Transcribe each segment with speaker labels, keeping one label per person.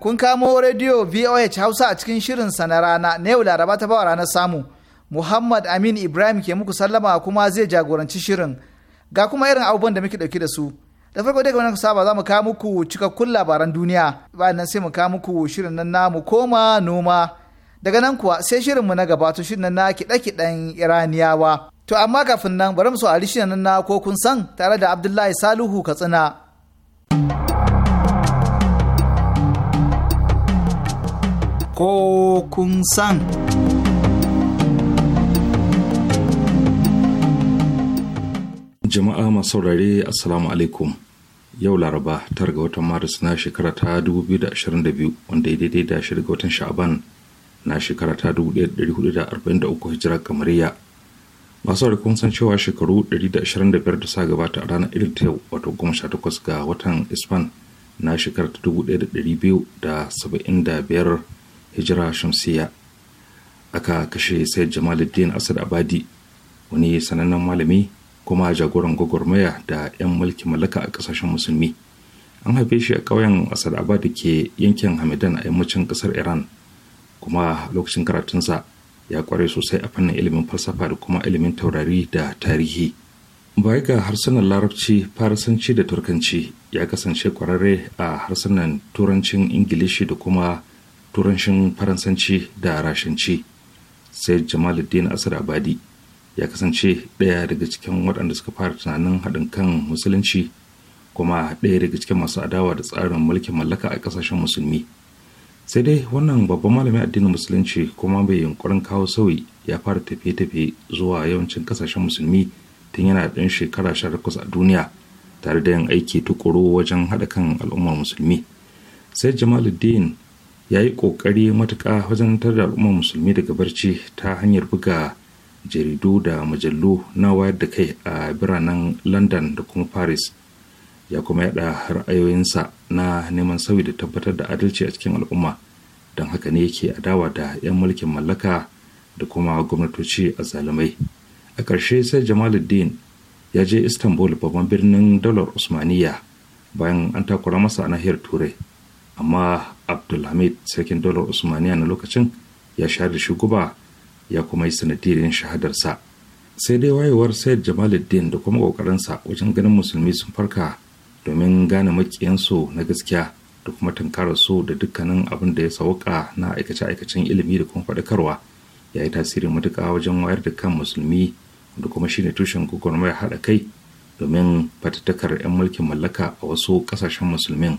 Speaker 1: kun kamo rediyo voh hausa a cikin shirin sa na rana na yau laraba ta bawa ranar samu muhammad amin ibrahim ke muku sallama kuma zai jagoranci shirin ga kuma irin abubuwan da muke dauke da su da farko dai kamar saba za mu kawo muku cikakkun labaran duniya bayan nan sai mu kawo muku shirin nan namu koma noma daga nan kuwa sai shirin mu na gaba to shirin nan na kiɗe-kiɗen iraniyawa to amma kafin nan bari mu so a shirin nan na ko kun san tare da abdullahi Salihu katsina. ko kun san.
Speaker 2: Jama'a masu saurare Assalamu alaikum. Yau Laraba tar ga watan Maris na shekara ta 2022 wanda ya daidai da shirin ga watan Sha'aban na shekara ta 1443 hijira kamariya. Masu saurare kun san cewa shekaru 125 da sa gabata a ranar irin ta yau wato 18 ga watan Isfan na shekarar 1275 hijira shamsiya aka kashe sai jamaluddin asad abadi wani sanannen malami kuma jagoran gwagwarmaya da 'yan mulki mallaka a kasashen musulmi an haife shi a ƙauyen asad abadi ke yankin hamidan a yammacin ƙasar iran kuma lokacin karatunsa ya kware sosai a fannin ilimin falsafa da kuma ilimin taurari da tarihi bai ga harsunan larabci farisanci da turkanci ya kasance kwararre a harsunan turancin ingilishi da kuma turancin faransanci da rashanci sai jamaluddin asar abadi ya kasance ɗaya daga cikin waɗanda suka fara tunanin haɗin kan musulunci kuma ɗaya daga cikin masu adawa da tsarin mulkin mallaka a ƙasashen musulmi sai dai wannan babban malamin addinin musulunci kuma bai yunkurin kawo sauyi ya fara tafiye-tafiye zuwa yawancin ƙasashen musulmi tun yana ɗan shekara sha takwas a duniya tare da yin aiki tukuru wajen haɗa kan al'ummar musulmi sai jamaluddin ya yi ƙoƙari matuƙa wajen tar da al'ummar musulmi daga barci ta hanyar buga jaridu da mujallu na wayar da kai a biranen london da kuma paris ya kuma yada ra'ayoyinsa na neman sauyi da tabbatar da adalci a cikin al'umma don haka ne yake adawa da 'yan mulkin mallaka da kuma gwamnatoci a zalimai a ƙarshe sai jamaluddin ya je istanbul babban birnin daular usmaniya bayan an takura masa a nahiyar turai amma abdulhamid sarkin dal'ar usmaniya na lokacin ya shahar da shugaba ya kuma yi shahadar shahadarsa sai dai wayewar sayar jamaluddin da kuma kokarinsa wajen ganin musulmi sun farka domin gane makiyansu na gaskiya da kuma tunkarar su da dukkanin abin da ya sauka na aikace-aikacen ilimi da kuma faɗakarwa ya yi tasiri matuƙa wajen wayar da kan musulmi da kuma shine tushen gwagwarmayar haɗa kai domin fatattakar 'yan mulkin mallaka a wasu ƙasashen musulmin.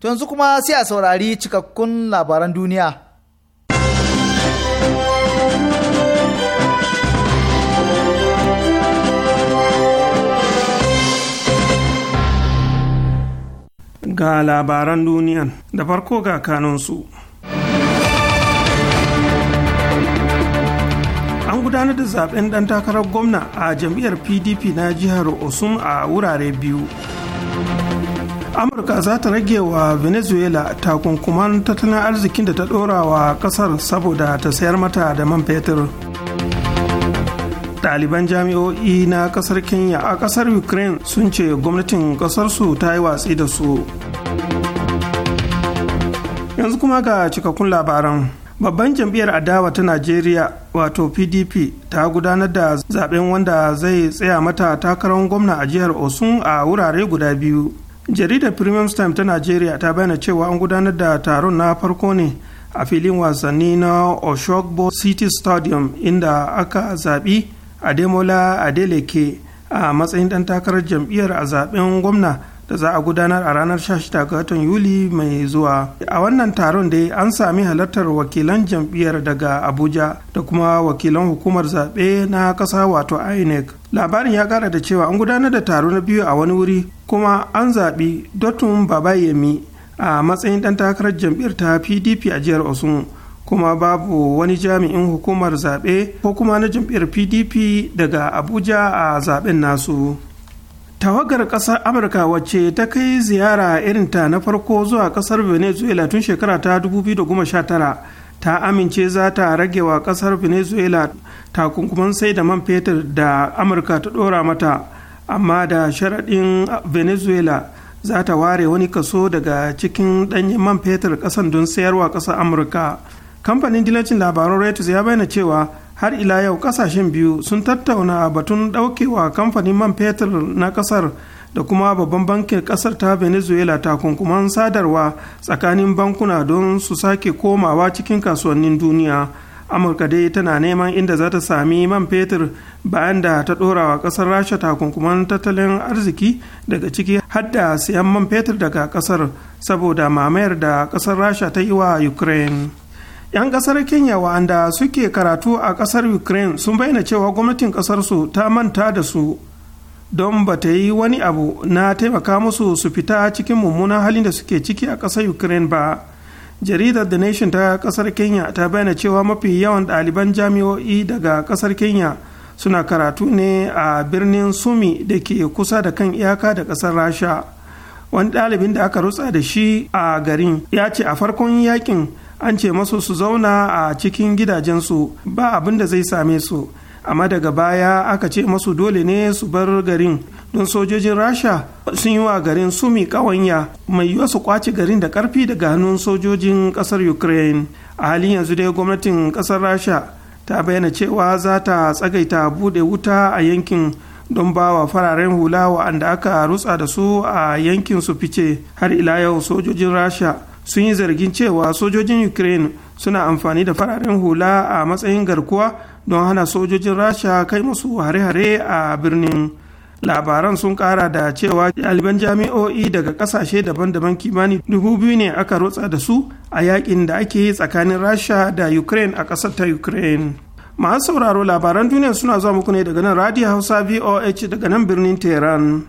Speaker 1: To yanzu kuma sai a saurari cikakkun labaran duniya.
Speaker 3: Ga labaran duniyan da farko ga kanunsu. An gudanar da zaben ɗan takarar gwamna a jam'iyyar PDP na jihar Osun a wurare biyu. amurka za ta rage wa venezuela takunkuman tattalin arzikin da ta dora wa kasar saboda ta sayar mata da man fetur ɗaliban jami'o'i na kasar kenya a kasar ukraine sun ce gwamnatin kasarsu ta yi watsi da su yanzu kuma ga cikakkun labaran babban jam'iyyar adawa ta najeriya wato pdp ta gudanar da zaben wanda zai tsaya mata takarar gwamna a jihar osun a wurare guda biyu jaridar premium time ta najeriya ta bayyana cewa an gudanar da taron na farko ne a filin wasanni na oshogbo city stadium inda aka zaɓi ademola adeleke a matsayin ɗan takarar jam'iyyar a zaɓen gwamna da za a gudanar a ranar 16 ga watan yuli mai zuwa a wannan taron dai an sami halartar wakilan jam'iyyar daga abuja da kuma wakilan hukumar zaɓe na ƙasa wato inec labarin ya ƙara da cewa an gudanar da taro na biyu a wani wuri kuma an zaɓi dotun babayemi a matsayin ɗan takarar jam'iyyar ta pdp a jihar osun kuma babu wani jami'in hukumar zaɓe ko kuma na jam'iyyar pdp daga abuja a zaɓen nasu tawagar ƙasar amurka wacce ta kai ziyara irinta na farko zuwa ƙasar venezuela tun shekara ta 2019 ta amince za ta rage wa ƙasar venezuela takunkuman sai da man fetur da amurka ta ɗora mata amma da sharaɗin venezuela za ta ware wani kaso daga cikin ɗanyen man fetur ƙasan don sayarwa ƙasar amurka kamfanin dilancin labaran reuters ya bayyana cewa har ila yau kasashen biyu sun tattauna batun daukewa kamfanin man fetur na kasar da kuma babban bankin kasar ta venezuela takunkuman sadarwa tsakanin bankuna don su sake komawa cikin kasuwannin duniya amurka dai tana neman inda za ta sami man fetur bayan da ta dora wa kasar rasha takunkuman tattalin arziki daga ciki hadda siyan man fetur daga kasar saboda mamayar da kasar rasha ta yi wa ukraine 'yan kasar kenya wa'anda suke karatu a kasar ukraine sun bayyana cewa gwamnatin kasarsu ta manta da su don ba ta yi wani abu na taimaka musu su fita cikin mummunan halin da suke ciki a kasar ukraine ba jaridar the nation ta kasar kenya ta bayyana cewa mafi yawan ɗaliban jami'o'i daga kasar kenya suna karatu ne a birnin sumi da ke kusa da kan iyaka da kasar rasha wani ɗalibin da aka rutsa da shi a garin ya ce a farkon yakin an ce masu su zauna a cikin gidajensu ba abin da zai same su amma daga baya aka ce masu dole ne su bar garin don sojojin rasha sun yi wa garin sumi kawanya mai yiwa su kwace garin da karfi daga hannun sojojin kasar ukraine a halin yanzu dai gwamnatin kasar rasha ta bayyana cewa za ta tsagaita bude wuta a yankin don ba wa fararen hula wa'anda aka rutsa da su a yankin su fice har ila yau sojojin rasha sun yi zargin cewa sojojin ukraine suna amfani da fararen hula a matsayin garkuwa don hana sojojin rasha kai musu hare-hare a birnin labaran sun kara da cewa ɗaliban jami'o'i daga ƙasashe daban-daban kimani dubu biyu ne aka rutsa da su a yakin da ake yi tsakanin rasha da ukraine a ƙasar ta ukraine masu sauraro labaran duniya suna zuwa muku ne daga nan radio hausa voh daga nan birnin tehran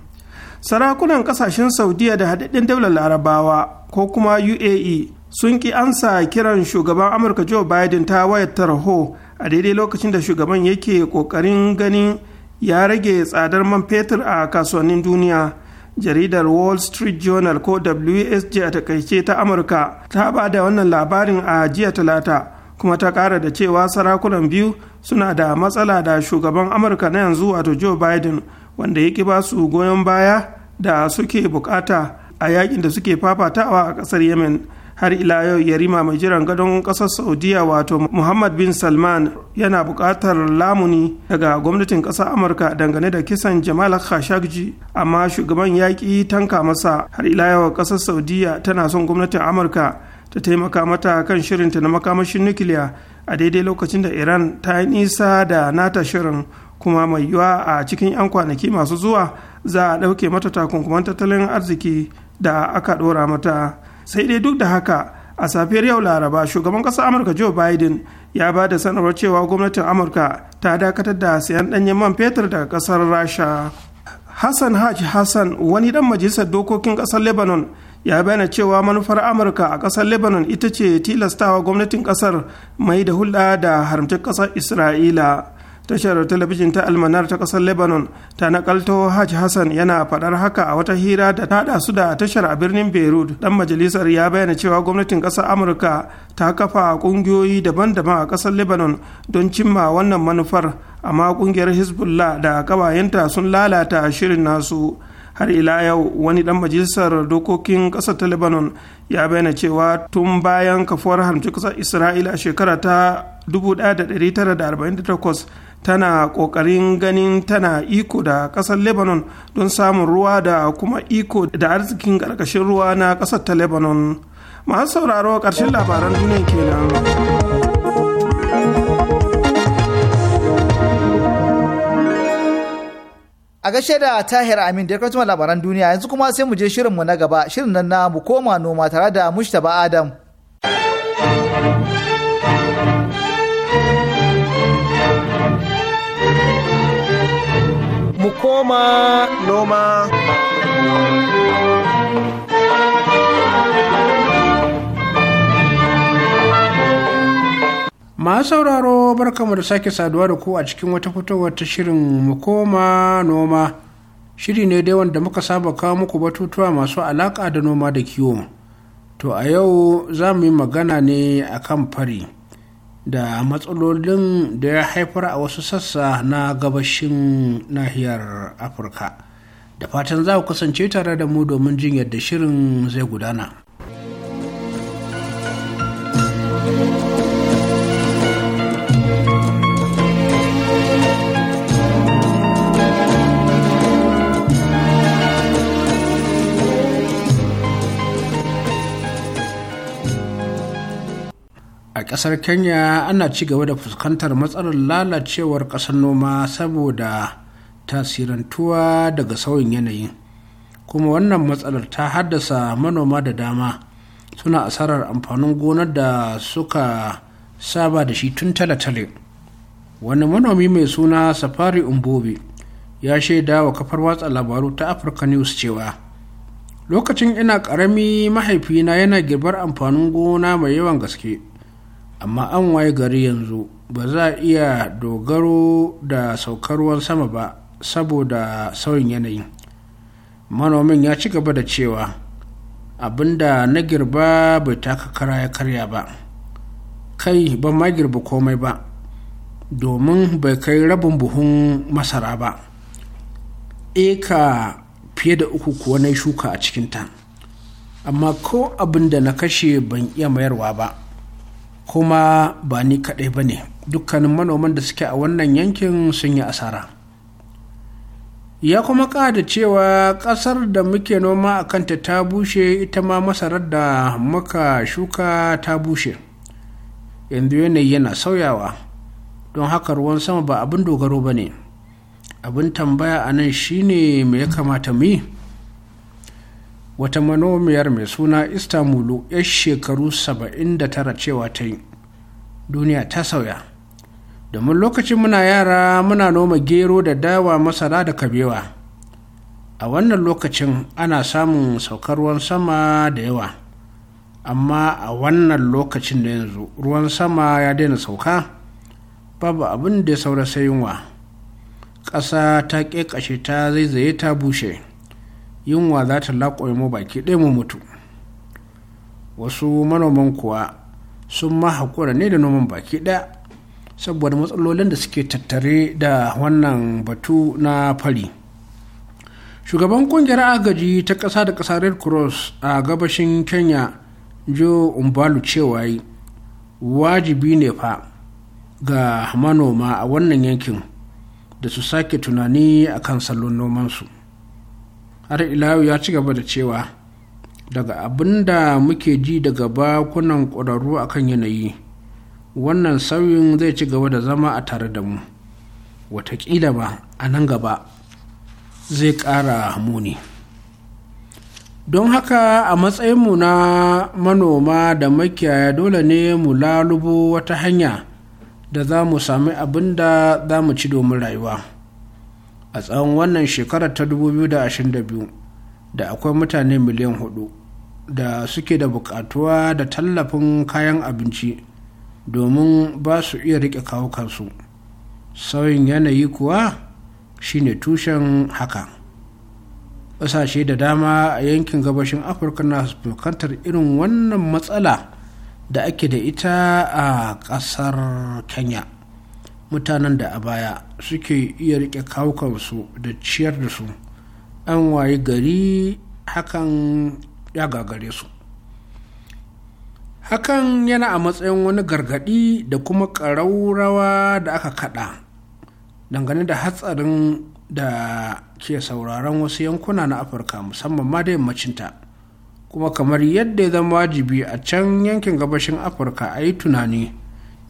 Speaker 3: sarakunan ƙasashen saudiya da haɗaɗɗen daular larabawa ko kuma uae sun ki ansa kiran shugaban amurka joe biden ta wayar tarho a daidai lokacin da shugaban yake kokarin ganin ya rage tsadar man fetur a kasuwannin duniya jaridar wall street journal ko wsj a takaice ta amurka ta ba da wannan labarin a jiya talata kuma ta kara da cewa sarakunan biyu suna da matsala da shugaban amurka na yanzu wato joe biden wanda ya ki ba su goyon baya da suke bukata a yakin da suke fafatawa a kasar yemen har ila yau yarima mai jiran gadon kasar saudiya wato muhammad bin salman yana buƙatar lamuni daga gwamnatin ƙasar amurka dangane da kisan jamal khashoggi amma shugaban yaƙi tanka masa har ila yau ƙasar saudiya tana son gwamnatin amurka ta taimaka mata kan shirinta na makamashin nukiliya a daidai lokacin da iran ta yi nisa da nata shirin kuma mai yiwuwa a cikin 'yan kwanaki masu zuwa za a ɗauke mata takunkuman tattalin arziki da aka ɗora mata sai dai duk da haka a safiyar yau laraba shugaban ƙasar amurka joe biden ya ba da sanarwar cewa gwamnatin amurka ta dakatar da sayan ɗanyen man fetur daga ƙasar rasha hassan hajj hassan wani ɗan majalisar dokokin ƙasar lebanon ya bayyana cewa manufar amurka a ƙasar lebanon ita ce tilastawa gwamnatin ƙasar mai da hulɗa da haramtar ƙasar isra'ila tashar talabijin ta almanar ta kasar lebanon ta nakalto hajj hassan yana faɗar haka a wata hira da ta haɗa su da tashar a birnin beirut dan majalisar ya bayyana cewa gwamnatin ƙasar amurka ta kafa ƙungiyoyi daban-daban a ƙasar lebanon don cimma wannan manufar amma ƙungiyar hezbollah da ƙawayenta sun lalata shirin nasu har ila yau wani dan majalisar dokokin kasar ta lebanon ya bayyana cewa tun bayan kafuwar harmci kasar isra'ila a shekara ta 1948 tana kokarin ganin tana iko da ƙasar lebanon don samun ruwa da kuma iko da arzikin karkashin ruwa na kasar ta lebanon masu sauraro ƙarshen labaran duniya kenan.
Speaker 1: a gaishe da tahir amin da ya kwatuma labaran duniya yanzu kuma sai mu je shirin mu na gaba shirin nan na mu koma noma tare da mushtaba adam
Speaker 3: mu koma noma.
Speaker 4: masu sauraro barkamu da sake saduwa da ku a cikin wata fitowar ta shirin mu koma noma shiri ne dai wanda muka saba kawo muku batutuwa masu alaƙa da noma da kiwo to a yau za mu yi magana ne akan fari. da matsalolin da ya haifar a wasu sassa na gabashin nahiyar afirka da fatan za ku kasance tare da mu domin jin yadda shirin zai gudana. kasar kenya ana ci gaba da fuskantar matsalar lalacewar kasar noma saboda tasirantuwa daga sauyin yanayi kuma wannan matsalar ta haddasa manoma da dama suna asarar amfanin gonar da suka saba da shi tun tale-tale wani manomi mai suna safari umbobi ya shaida wa kafar watsa labaru ta africa news cewa lokacin ina ƙarami mahaifina yana girbar amfanin gona mai yawan gaske amma an waye gari yanzu ba za a iya dogaro da saukar ruwan sama ba saboda sauyin yanayi manomin ya ci gaba da cewa abinda na girba bai taka kara ya karya ba kai ban ma girba komai ba domin bai kai rabin buhun masara ba eka fiye da uku kuwa na shuka a cikinta amma ko abin da na kashe ban iya mayarwa ba kuma ba ni kaɗai ba ne dukkanin manoman da suke a wannan yankin sun yi asara ya kuma da cewa ƙasar da muke noma a kanta ta bushe ita ma masarar da muka shuka ta bushe yanzu yanayi yana sauyawa don haka ruwan sama ba abin dogaro ba ne abin tambaya a nan shine me ya kamata mu yi wata manomiyar mai suna istanbulu 'yar shekaru 79 cewa ta yi duniya ta sauya domin lokacin muna yara muna noma gero da dawa masara da kabewa a wannan lokacin ana samun saukar ruwan sama da yawa amma a wannan lokacin da yanzu ruwan sama ya daina sauka babu abin da ya saura sayinwa ƙasa ta ƙeƙashe ta zaizaye ta bushe yunwa za ta laƙoye mu baki ɗaya mu mutu wasu manoman kuwa sun ma haƙura ne da noman baki ɗaya saboda matsalolin da suke tattare da wannan batu na fari shugaban kungiyar agaji ta ƙasa da ƙasa red cross a gabashin kenya joe umbalu cewa wajibi ne fa ga manoma a wannan yankin da su sake tunani kan salon nomansu. har ilayu ya ci gaba da cewa daga abin da muke ji daga bakunan ƙwararru a kan yanayi wannan sauyin zai ci gaba da zama a tare da mu watakila ba a nan gaba zai ƙara muni don haka a matsayinmu na manoma da makiyaya dole ne mu lalubo wata hanya da za mu sami abin da za mu ci domin rayuwa. a tsawon wannan shekarar ta 2022 da akwai mutane miliyan hudu da suke da bukatuwa da tallafin kayan abinci domin ba su iya rike kawo kansu sauyin yanayi kuwa shine tushen haka ƙasashe da dama a yankin gabashin afirka na fuskantar irin wannan matsala da ake da ita a ƙasar kenya mutanen da a baya suke iya rike kawukansu da ciyar da su an waye gari hakan ya gagare su hakan yana a matsayin wani gargadi da kuma ƙaraurawa da aka kaɗa, dangane da hatsarin da ke sauraron wasu yankuna na afirka musamman ma da yammacinta kuma kamar yadda ya zama wajibi a can yankin gabashin afirka a yi tunani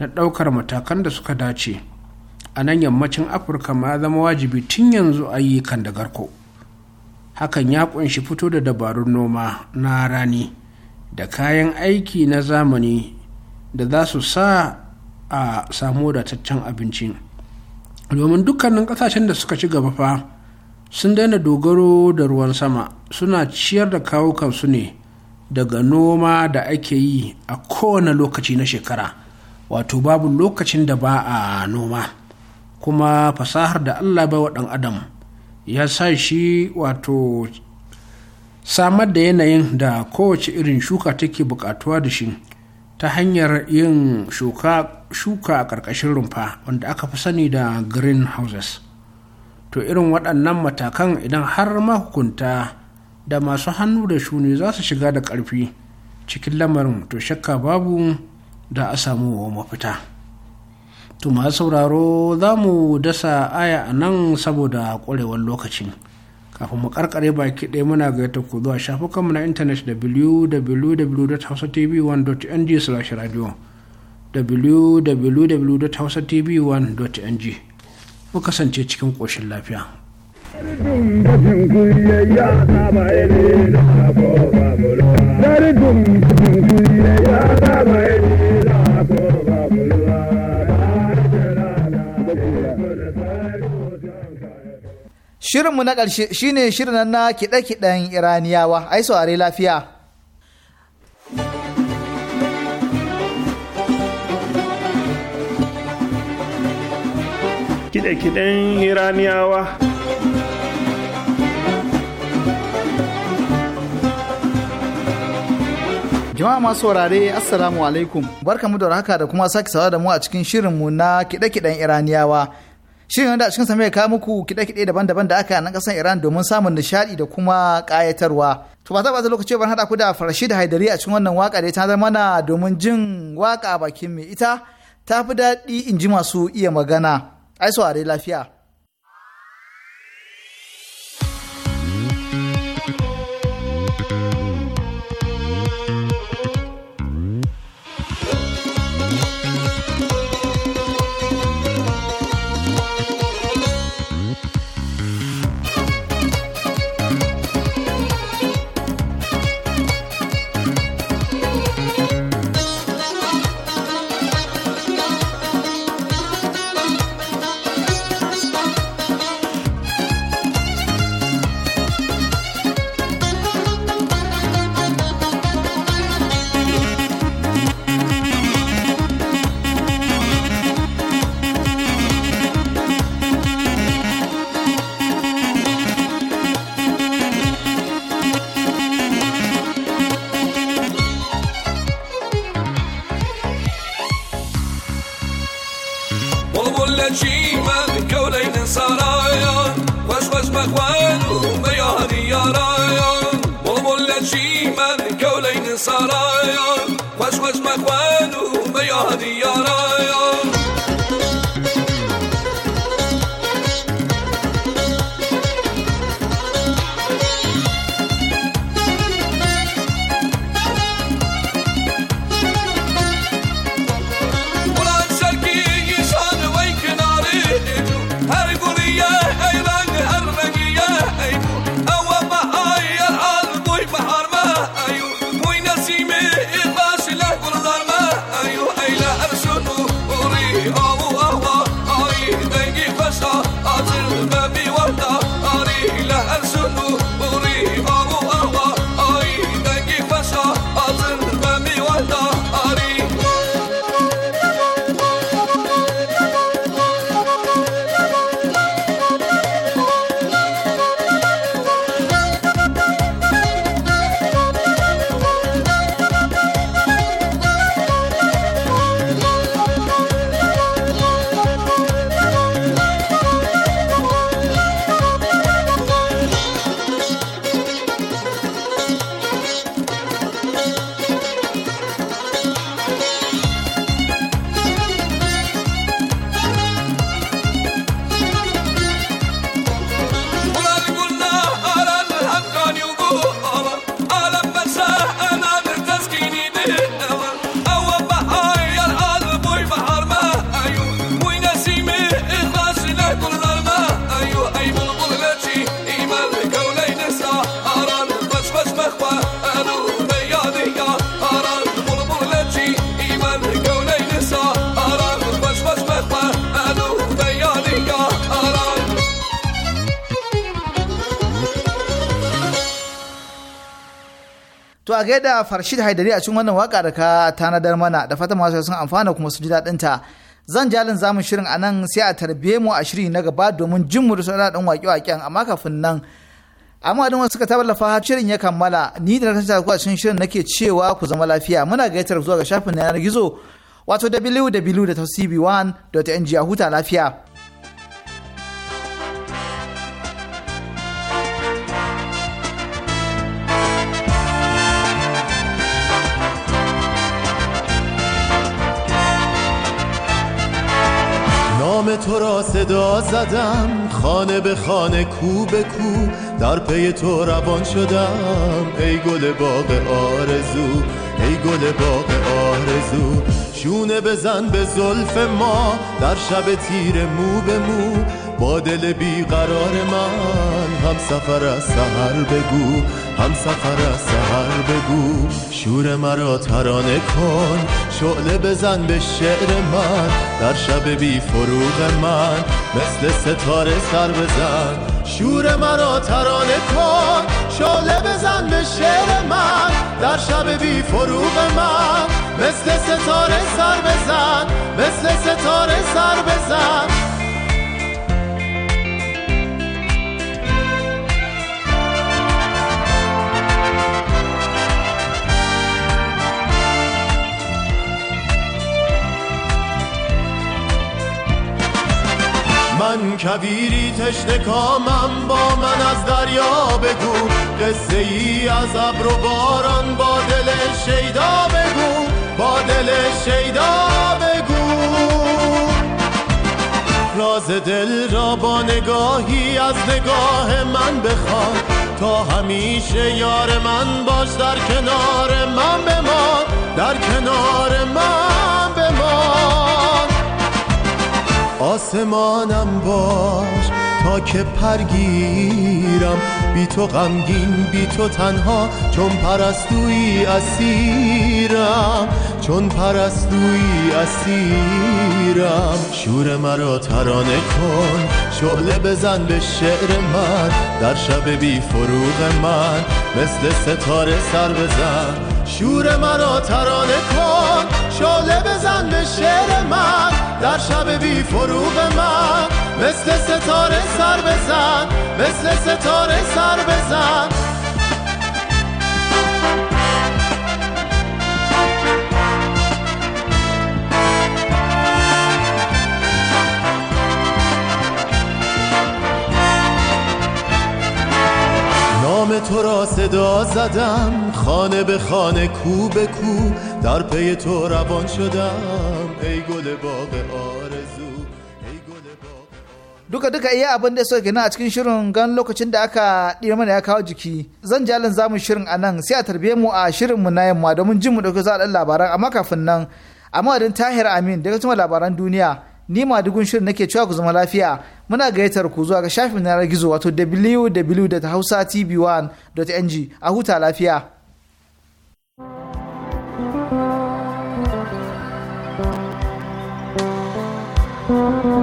Speaker 4: na ɗaukar matakan da suka dace a nan yammacin afirka ma zama wajibi tun yanzu ayyukan da garko hakan ya kunshi fito da dabarun noma na rani da kayan aiki na zamani da za su sa a samu wadataccen abinci domin dukkanin kasashen da suka ci gaba fa sun daina dogaro da ruwan sama suna ciyar da kawukan su ne daga noma da ake yi a kowane lokaci na shekara wato babu lokacin da ba a noma kuma fasahar da allah bai wa ɗan adam ya sa shi wato samar da yanayin da kowace irin shuka take buƙatuwa da shi ta hanyar yin shuka a ƙarƙashin rumfa wanda aka fi sani da green houses to irin waɗannan matakan idan har mahukunta da masu hannu da shuni za su shiga da ƙarfi cikin lamarin to shakka babu da a samu mafita. To masu sauraro za mu dasa aya a nan saboda ƙwarewar lokacin. Kafin mu karkare baki ɗaya muna gaita ku zuwa shafukanmu na intanet www.hausatv1.ng slash radio www.hausatv1.ng Mu kasance cikin ƙoshin lafiya.
Speaker 3: Dari dum dum ya
Speaker 1: Shirinmu na ƙarshe shine shirin na kiɗe-kiɗen Iraniyawa, ai saurare lafiya.
Speaker 3: Kiɗe-kiɗen Iraniyawa.
Speaker 1: Jama'a masu saurare Assalamu alaikum, barkamu da haka da kuma sake sawa da mu a cikin shirinmu na kiɗe-kiɗen Iraniyawa. Shirin a cikin samai kawo muku kide kide daban-daban da aka nan kasan Iran domin samun nishaɗi da kuma ƙayatarwa. To ba ta ɓata lokaci ban hada ku da farashi da haidari a cikin wannan waka da ta tanar mana domin jin waka bakin mai ita ta fi daɗi in ji masu iya magana. Ai saurari lafiya. gaida farshid haidari a cikin wannan waka da ka tanadar mana da fata masu sun amfana kuma su ji daɗin ta zan jalin zamu shirin a nan sai a tarbiye mu a shiri na gaba domin jin mu da sauran ɗan waƙe-waƙen amma kafin nan amma don wasu suka tallafa shirin ya kammala ni da na ku a cikin shirin nake cewa ku zama lafiya muna gaitar zuwa ga shafin yanar gizo wato wwwtcb 1ng a huta lafiya.
Speaker 5: تو را صدا زدم خانه به خانه کو به کو در پی تو روان شدم ای گل باغ آرزو ای گل باغ آرزو شونه بزن به زلف ما در شب تیر مو به مو با دل قرار من هم سفر از سهر بگو هم سفر از سهر بگو شور مرا ترانه کن شعله بزن به شعر من در شب بی فروغ من مثل ستاره سر بزن
Speaker 6: شور مرا ترانه کن
Speaker 5: شعله بزن به شعر من در شب بی فروغ من مثل ستاره سر بزن مثل ستاره سر بزن من کبیری تشنه کامم با من از دریا بگو قصه ای از ابر و باران با دل شیدا بگو با دل شیدا بگو راز دل را با نگاهی از نگاه من بخواد تا همیشه یار من باش در کنار من بمان در کنار من آسمانم باش تا که پرگیرم بی تو غمگین بی تو تنها چون پرستوی اسیرم چون پرستوی اسیرم شور مرا ترانه کن شعله بزن به شعر من در شب بی فروغ من مثل ستاره سر بزن شور مرا ترانه کن شعله بزن به شعر من در شب بی فروغ من مثل ستاره سر بزن مثل ستاره سر بزن تو را صدا زدم خانه به خانه کو به کو در پی تو روان شدم ای گل باغ آرزو
Speaker 1: duka duka iya abin da suka gina a cikin shirin gan lokacin da aka ɗira mana ya kawo jiki zan jalin zamun shirin a nan sai a tarbiye mu a shirinmu na yamma domin jin mu ɗauki za a labaran amma kafin nan a madadin tahir amin daga cikin labaran duniya ni madugun shirin nake cewa ku zama lafiya muna gayyatar ku zuwa ga shafin yanar gizo wato www.hausatv1.ng a huta lafiya.
Speaker 7: thank you